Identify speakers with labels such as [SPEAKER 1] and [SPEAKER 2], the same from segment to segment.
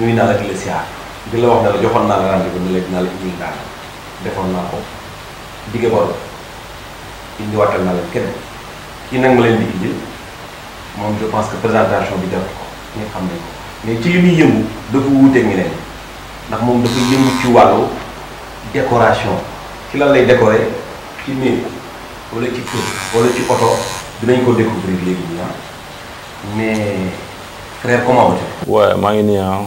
[SPEAKER 1] nuyu naa la di la siyaar di la wax ne la joxoon naa la rendez-vous ne la dinaa la defoon naa ko dige bor indiwaatal naa leen kenn ki nag ma leen di indil moom je pense que présentation bi jarul ko ñu xam ne ko mais ci li muy yëngu dafa wuuteeg ñeneen ndax moom dafa yëngu ci wàllu décoration ci lan lay décorer ci néeg wala ci kër wala ci oto dinañ ko découvrir léegi ñu ah.
[SPEAKER 2] mais frère comment vas-tu. maa ngi nii ah.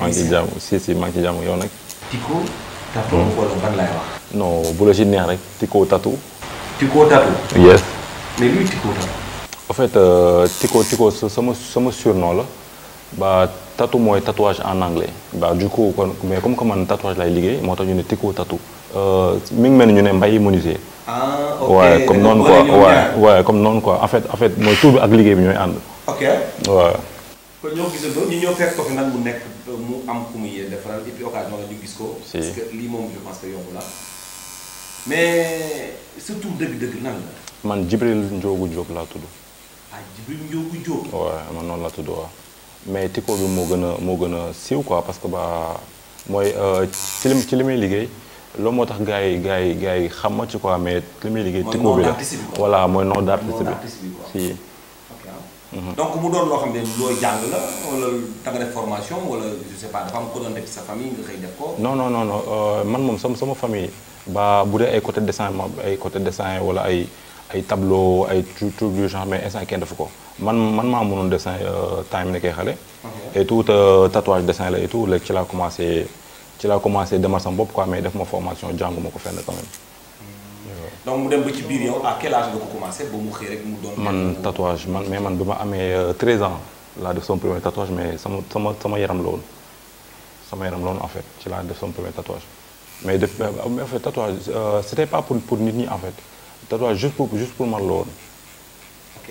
[SPEAKER 2] maa ngi ci jàmm si si maa ngi ci jàmm yow nag. Tyco Tatou hmm. bu la si neex rek Tyco Tatou. yes. mais luy Tyco Tatou. en fait Tyco Tyco sama sama surnom la ba Tatou mooy tatouage en anglais ba du coup kon mais comme que man tatouage lay liggéey moo tax ñu ne Tyco Tatou. Euh, mi ngi mel ni ñu ne mbay menuisier. ah ok waaye comme noonu quoi waaye comme noonu quoi bi ak liggéey bi ñooy ànd. ok
[SPEAKER 1] kon ñoo gisee ba ñu nag mu nekk mu am ku muy defaral et puis occasion la ñu gis ko. parce lii moom je pense que yomb la mais surtout dëgg-dëgg nan la.
[SPEAKER 2] man Jibril Njoogu Diop laa tudd. ah mais Tyco bi moo gën a moo gën a siiw quoi parce que ba mooy euh, ci li ci li may liggéey. loolu moo tax gaa yi gars yi yi xam ma ci quoi mais li muy liggéey. Tyco bi la voilà mooy nom d'artiste bi si Mhm. donc
[SPEAKER 1] mu doon loo xam ne loo jàng la wala da nga def formation wala je sais pas dafa am ko doon def sa famille nga xëy def ko.
[SPEAKER 2] non non non euh, man moom sama sama famille ba bu dee ay côté dessin ma ay côté dessin wala ay ay tableau ay tout tout du genre mais instant kenn defu ko man man maa mënoon dessin euh, temps yi nekkee xale. et tout euh, tatouage dessin là et tout léegi ci laa commencé ci laa commencé demal sama bopp quoi mais def ma formation jàngu ma ko fenn quand
[SPEAKER 1] donc vous dem ba ci biir yow à quel âge vous commencez pour ba mu xëy rek mu
[SPEAKER 2] tatouage man mais man bi ma 13 euh, ans là, de son premier tatouage mais sama sama sama yaram Ça woon sama yaram en fait ci là, de son premier tatouage mais def euh, mais en fait tatouage euh, c'était pas pour pour Nini, en fait tatouage juste pour juste pour man ok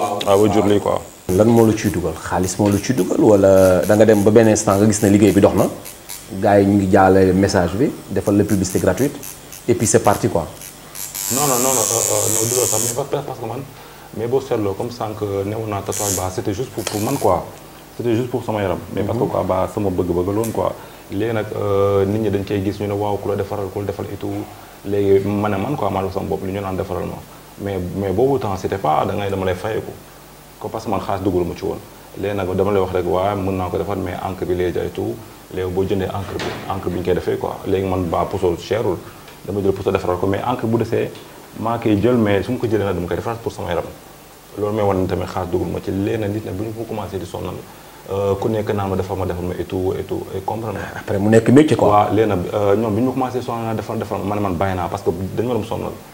[SPEAKER 2] waaw ah, jurli quoi.
[SPEAKER 1] lan mo lu ci dugal xaalis mo lu ci dugal wala da nga dem ba ben instant nga gis na liggéey bi doxna gaay gars yi ñu ngi jaale message bi defal le publicité gratuite et puis c'est parti quoi.
[SPEAKER 2] non non non euh, euh, non dugal sax mais pas parce que man mais boo seetloo comme sank newoon tatouage ba c'était juste pour pour man quoi c'était juste pour sama yaram. mais parce que mhm. quoi ba sama bëgg-bëgg loon quoi. léegi nag euh, nit ñi dañ cey gis ñu na waaw ku la defaral ku la defal et tout léegi mané man quoi maa sama bopp li ñu nane defaral ma. mais mais boobu temps c'était pas da ngay dama lay fayeeku ko parce que man xaalis duggul ma ci woon léegi nag dama wax rek waaye mën naa ko defar mais encre bi lay jaay tout boo jëndee encre bi encre bi ñu koy defee quoi léegi man baa poso cherul dama jël poso defaral ko bu desee maa koy jël mais ko jëlee ñu ko commencé di sonnal euh, ku nekk naan ma defal ma defal ma et nekk métier quoi waaw léegi nag euh, ñoom bi ñu ma commencé sonnal naa defal defal ma man bàyyi naa parce que dañu war a sonnal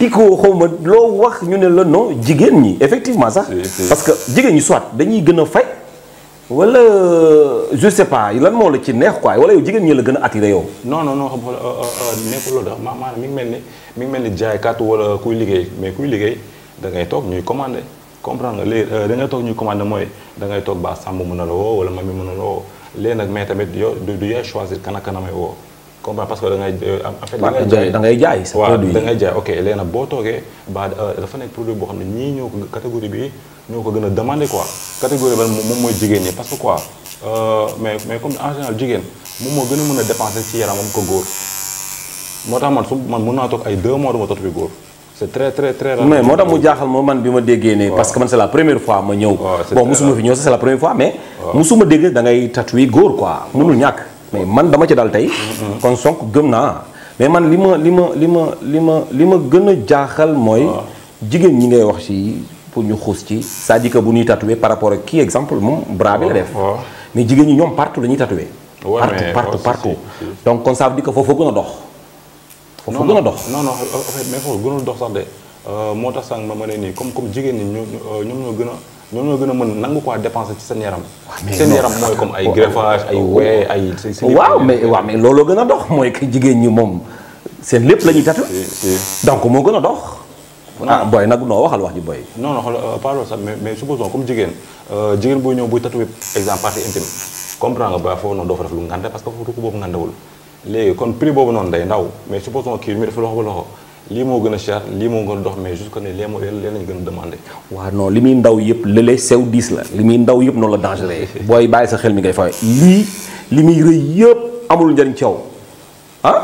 [SPEAKER 1] lo wax ñu ne non jigen ñi effectivement sax. parce que jigen ñi soit dañuy gëna fay. wala je sais pas lan mo le ci neex quoi wala yow ñi la gëna
[SPEAKER 2] non non non xam je euh, euh, euh, nekkul loolu dafa mi ngi mi ngi wala kuy mais kuy da ngay ñuy comprendre nga ñuy commander da ngay ba wala mami mais tamit du choisir comprends parce que da ngay en euh, fait. da ngay jaay da ngay jaay sa produit da ngay jaay ok léegi boo toogee ba euh, dafa nekk produit boo xam ne ñii ñoo ko catégorie bi ñoo ko gën a demandé quoi catégorie ba moom mooy jigéen ñi parce que quoi euh, mais mais comme en moom moo gën a mën a dépenser ci ko góor moo tax man su man mën naa toog ay deux mois ma tot góor. mais moo tax mu jaaxal
[SPEAKER 1] ma man bi ma déggee ne parce que man c'est la première fois ma ñëw bon musuma fi ñëw sax la première fois mais musuma dégg da ngay tatoué góor quoi mënul ñàkk mais man dama ci daal tey. Mm-hmm. kon Sonko gëm naa mais man li ma li ma li ma li ma li ma gën a jaaxal mooy. Ah. jigéen ñi ngay wax ci pour ñu xuus ci. cest à bu ñuy tatoué par rapport ak kii exemple moom bras bi la ah. def. Ah. mais jigéen ñi ñoom partout la ñuy tatoué. partout partout donc kon ça veut dire que gën a dox.
[SPEAKER 2] foofu gën a dox non non mais foofu gënul dox sax euh, moo tax sànq ma ma ne nii comme comme jigéen ñi ñoom ñoo gën a. ñoom ñoo gën a mën nangu quoi dépenser ci seen yaram. seen yaram mooy comme ay greffage ay wee ay. waaw
[SPEAKER 1] mais waaw mais looloo gën a dox mooy que jigéen ñi moom seen lépp la ñuy tatu. donc moo gën a dox. Ah. ah booy nag noo waxal wax ji
[SPEAKER 2] booy. non non xoolal euh, pas loolu sax mais mais supposons comme jigéen euh, jigéen buy ñëw buy tatoué exemple partie intime comprend nga ba foofu noonu doo fa def lu ngante parce que foofu du ko boobu ngandewul léegi kon prix boobu noonu day ndaw mais supposons kii lii moo gën a cher lii moo gën a dox mais jusque ne les modèles leen lañ gën a demandé
[SPEAKER 1] waaw non li muy ndaw yëpp lële sew diis la li muy ndaw yëpp noonu la dangereux booy bàyyi sa xel mi ngay fawee lii li muy rëy yëpp amul njëriñ ci yow ah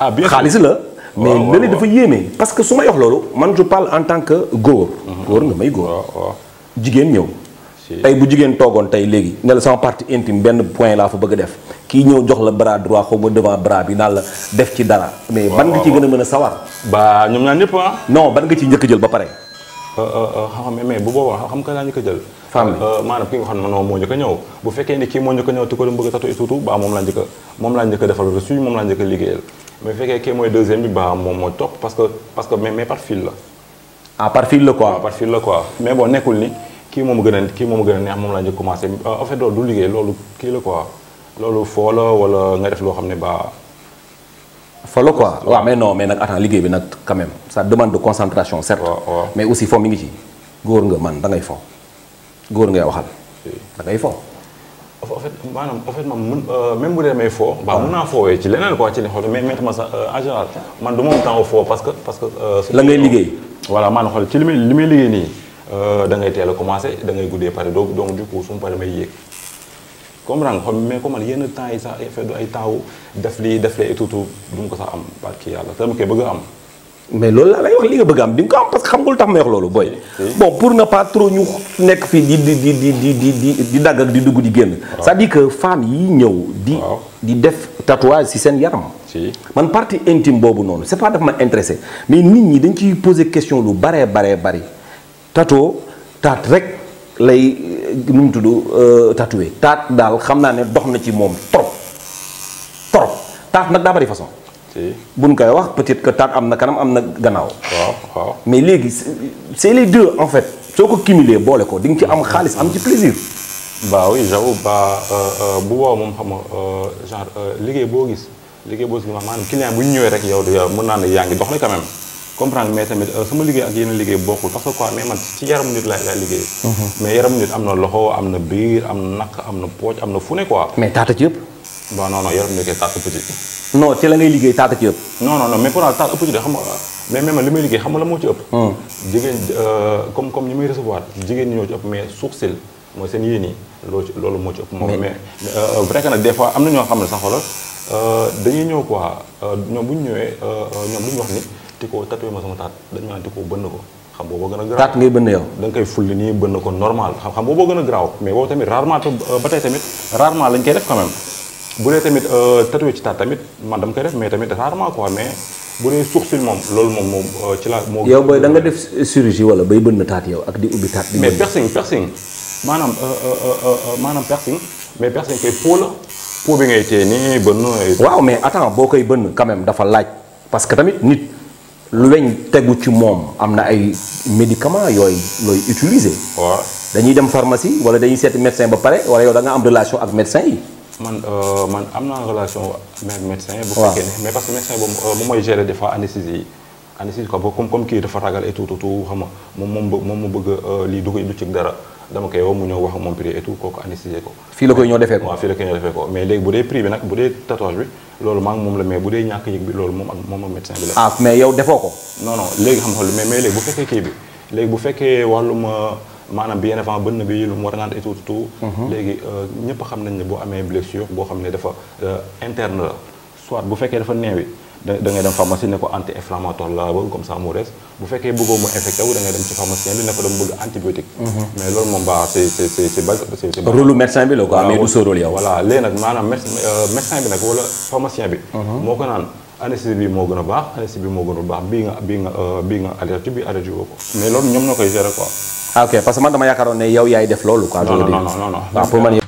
[SPEAKER 1] ah bien xaalis la mais lële dafa yéeme parce que su may wax loolu man je parle en tant que góor mm-hmm. góor nga may góor jigéen ñëw tey bu jigéen toogoon tey léegi ne la sama partie intime benn point laa fa bëgg a def kii ñëw jox la bras droit xaw devant bras bi naan la def ci dara. mais ban nga ci gën a mën a sawar. ba ñoom ñaar
[SPEAKER 2] ah?
[SPEAKER 1] ci njëkk jël ba pare.
[SPEAKER 2] Euh, euh, euh, mais bu a jël. femme bi a ñëw bu fekkee ni kii moo njëkk a ñëw te ko doon bëgg a nekkul ni kii moom gën a kii moom gën a neex moom laa ñu commencé euh, en fait du liggéey loolu kii la quoi loolu foo la nga def loo xam ne ba.
[SPEAKER 1] folo quoi la mais non mais liggéey bi nag quand même demande de concentration certes. mais aussi fo mi ngi ci góor nga man da ngay fo góor ngay waxal da ngay fo.
[SPEAKER 2] en fait maanaam en euh, foo. waaw mun naa foowee ci leneen ci li xool mais mais tamit euh, du ma am temps foo parce que parce que. la ngay liggéey. voilà maanaam xool ci li may li may liggéey nii. Euh, da ngay teel a commencé da ngay guddee pare donc donc du coup su ma paree may yéeg comprendre nga mais comme man yenn temps yi sax affaire ay taaw def lii def lee et tout du ma ko sax am barki yàlla te dama koy bëgg a am. mais loolu laa lay wax li nga bëgg am di nga ko am parce xam nga lu tax ma wax loolu booy.
[SPEAKER 1] bon pour ne pas trop ñu nekk fii di di di di di di di dagg di dugg di génn. c'est-à-dire que femmes yi ñëw. di di def tatouage ci seen yaram. man partie intime boobu noonu c'est pas daf ma intéressé mais nit ñi dañ ciy poser question lu baree baree bari. tato taat rek lay nu mu tudd euh, tatoué taat daal xam naa ne dox na ci moom trop trop taat nag daa bari façon buñ koy wax peut-être que taat am na kanam am na gannaaw. waaw waaw mais léegi c'est les deux
[SPEAKER 2] en fait soo ko cumulé boole ko di nga ci am xaalis am ci plaisir. bah oui j'avoue ba euh, euh, bu boobaa moom xam nga genre liggéey boo gis liggéey boo gis maanaam client bu ñu ñëwee rek yow mun naa ne yaa ngi dox na quand comprendre mais tamit euh, sama liggéey ak yeneen liggéey bokkul parce que quoi mais man ci yaramu nit laay liggéey. Mhm. mais yaramu nit am na loxo am na biir am na nakk am na pooj am na fu ne quoi. xam nga moo ci ëpp. Hmm. jigéen euh, comme comme ñi may recevoir jigéen ñi ñoo ci ëpp mais moo ci ëpp. moom mais euh, vrai ñoo xam ne sax xoolal dañuy ñëw quoi ñoom bu ñu ñëwee ñoom lu ñu wax ni tiko tatoué ma sama tat dañ ma tiko bënd ko xam bo bo gëna graw tat ngay bënd yow da ngay ful ni bënd ko normal xam xam bo bo gëna graw mais bo tamit rarement batay tamit rarement lañ koy def quand même bu dé tamit euh tatoué ci tat tamit man dam koy def mais tamit rarement quoi mais bu dé sourcil mom lool mom mom ci la mo yow boy da nga def
[SPEAKER 1] chirurgie wala bay bënd tat yow ak di ubi tat di mais piercing
[SPEAKER 2] piercing manam euh euh euh manam piercing mais piercing kay po la
[SPEAKER 1] po bi ngay té ni bënn waaw mais attends bokay bënd quand même dafa laaj parce que tamit nit lu weñ tegu ci moom am ay médicaments yoy loy utiliser. waaw dañuy dem pharmacie wala dañuy seeti médecin ba paré wala yow da nga am relation
[SPEAKER 2] ak médecin yi. man euh man amna relation ak médecin. bu fekkee ne mais parce que médecin boobu euh, moom mooy gérer des fois anesthésie anesthésie quoi comme comme kii dafa ragal et tout tout xam mom mom mom mu bëgg euh li du ko du ci dara dama koy woo ñoo wax ak moom prix et tout kooku anesthésier ko. fi la koy ñoo défé ko waaw fii la koy ñoo défé ko mais légui bu dé prix bi nag bu dé tatouage bi. loolu maa ngi moom la mais bu dee ñàkk yëg bi loolu moom ak moom ak médecin bi la. Ah, mais yow defoo ko. non non léegi xam nga mais mais léegi bu fekkee kii bi léegi bu fekkee wàllum euh, maanaam bien avant bënn bi lu mu war a naan et tout tout. Mhm. léegi euh, ñëpp xam nañ ne boo amee blessure boo xam ne dafa euh, interne la soit bu fekkee dafa neew yi da dem pharmacie ne ko anti inflammatoire la bëgg comme ko mhm. mais loolu moom baax c' est c' est c' est bas c' est. rôle médecin bi la quoi euh, mhm. ko naan. anesthésie bi moo a a koy gérer quoi. Ah, ok parce que man dama yaakaaroon ne yow yaay def loolu quoi. non non non ah,